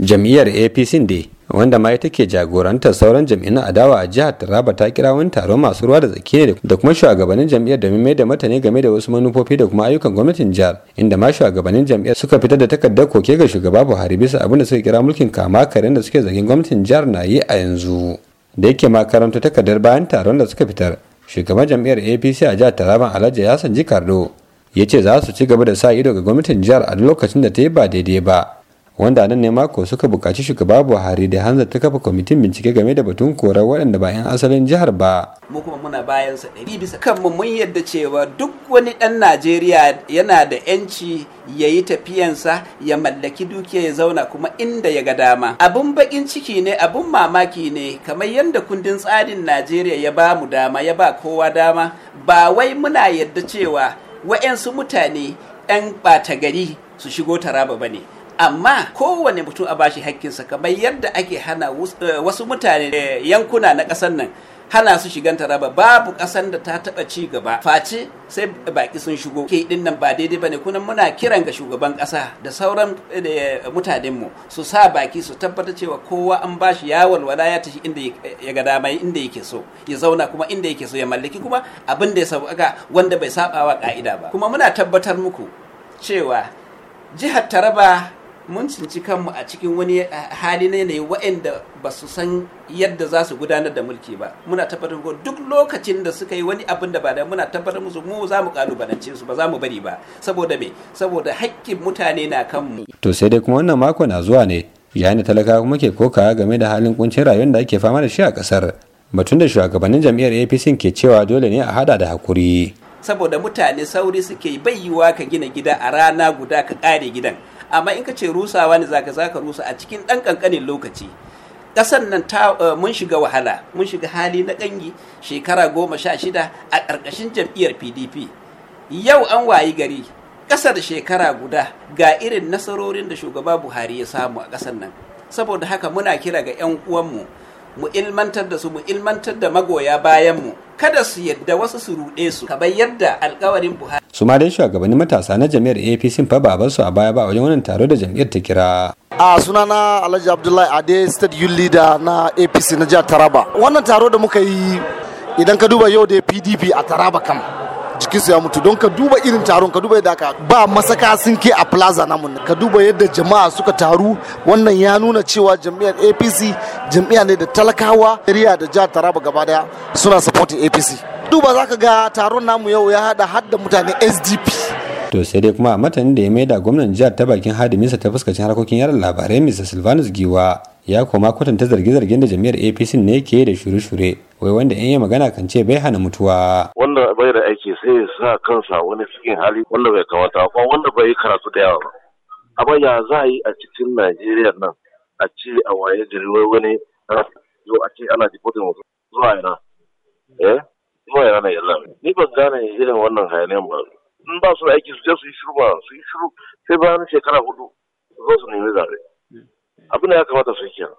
jam'iyyar apc ne wanda ma ita ke jagorantar sauran jami'an adawa a jihar taraba ta kira wani taron masu ruwa da tsaki ne da kuma shugabannin jam'iyyar domin mai da matane game da wasu manufofi da kuma ayyukan gwamnatin jihar inda ma shugabannin jam'iyyar suka fitar da takardar koke ga shugaba buhari bisa abin da suka kira mulkin kama karen da suke zargin gwamnatin jihar na yi a yanzu da yake ma karanta takardar bayan taron da suka fitar shugaban jam'iyyar apc a jihar taraba alhaji yasan jikardo ya ce za su ci gaba da sa ido ga gwamnatin jihar a lokacin da ta yi ba daidai ba wanda nan ne mako suka bukaci shugaba buhari da hanzar ta kafa kwamitin bincike game da batun korar waɗanda ba 'yan asalin jihar ba mu kuma muna bayan sa ɗari bisa kanmu mun yadda cewa duk wani ɗan najeriya yana da 'yanci ya yi tafiyansa ya mallaki dukiya ya zauna kuma inda ya ga dama abun baƙin ciki ne abun mamaki ne kamar yadda kundin tsarin najeriya ya ba mu dama ya ba kowa dama ba wai muna yadda cewa wa'yansu mutane 'yan ɓata gari su shigo taraba ba ne amma kowane mutum a bashi hakkinsa kamar yadda ake hana eh, wasu mutane eh, yankuna na ƙasar nan hana su shiganta taraba babu ƙasar da ta taɓa ci gaba face sai baƙi sun shigo ke din nan ba daidai bane kuma muna kiran ga shugaban ƙasa da sauran eh, mutanenmu su sa baki su tabbatar cewa kowa an bashi ya walwala ya tashi inda ya ga dama inda yake so ya zauna kuma inda yake so ya mallaki kuma abin da ya sauka wanda bai saɓawa ƙa'ida ba kuma muna tabbatar muku cewa jihar taraba mun cinci kanmu a cikin wani eh, hali na yanayi waɗanda ba su san yadda za su gudanar da mulki ba muna tabbatar ko duk lokacin da suka yi wani abin da ba da muna tabbatar musu mu za mu kalubalance su ba za mu bari ba saboda me saboda haƙƙin mutane na kanmu to sai dai kuma wannan mako na zuwa ne yayin da talakawa kuma ke kokawa game da halin kuncin rayuwar da ake fama da shi a ƙasar batun da shugabannin jam'iyyar apc ke cewa dole ne a hada da hakuri saboda mutane sauri suke bai ka gina gida a rana guda ka kare gidan amma in ka ce rusawa ne zaka zaka rusa a cikin ɗan ƙanƙanin lokaci ƙasar nan ta eh, mun shiga wahala mun shiga hali na ƙangi shekara goma sha shida a ƙarƙashin jam'iyyar pdp yau an wayi gari ƙasar shekara guda ga irin nasarorin da shugaba buhari ya samu a ƙasar nan saboda haka muna kira ga 'yan uwanmu mu ilmantar da su mu ilmantar da magoya bayan mu kada su yadda wasu su ruɗe su kamar yadda alkawarin buhari su ma dai shugabannin matasa na jami'ar apc fa baban su a baya ba wajen wannan taro da jami'ar ta kira a sunana alhaji abdullahi ade state youth leader na apc na jihar taraba wannan taro da muka yi idan ka duba yau da pdp a taraba kam jikinsu ya mutu don ka duba irin taron ka duba yadda aka ba masaka sun ke a plaza namun ka duba yadda jama'a suka taru wannan ya nuna cewa jami'ar apc jami'a ne da talakawa area da jihar taraba gaba daya suna supporting apc duba za ka ga taron namu yau ya hada hadda mutane sdp to sai dai kuma a matanin da ya da gwamnan jihar ta bakin hadiminsa ta fuskacin harkokin yaran labarai mr silvanus giwa ya koma kwatanta zarge-zargen da jami'ar apc ne ke da shure-shure wai wanda in yi magana kan ce bai hana mutuwa wanda bai da aiki sai ya sa kansa wani cikin hali wanda bai kamata ba wanda bai karatu da yawa ba amma ya za a yi a cikin najeriya nan a ce a waye jiri wai wani Yau a ce ana jifotin wasu zuwa yana eh zuwa yana yalla ni ban gane irin wannan hayaniyan ba in ba su da aiki su je yi shiru ba su yi shiru sai ni shekara hudu su zo su nemi zaɓe abin da ya kamata su yi kenan.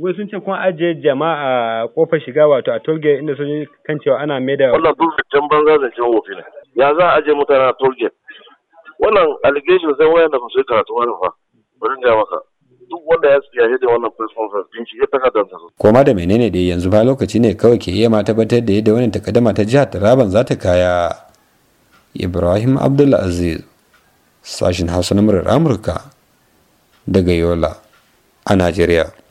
wai sun ce kun ajiye jama'a kofar shiga wato a tolge inda sun yi kan cewa ana mai da wannan duk can banza da can wofi ne ya za a ajiye mutane a tolge wannan allegation sai wayan da ba su yi karatu wani fa bari ga maka duk wanda ya siya da wannan press conference din shi ya takardar ta koma da menene dai yanzu ba lokaci ne kawai ke iya ma tabbatar da yadda wani takaddama ta jihar Taraban za ta kaya Ibrahim Abdulaziz sashin Hausa na murar Amurka daga Yola a Najeriya.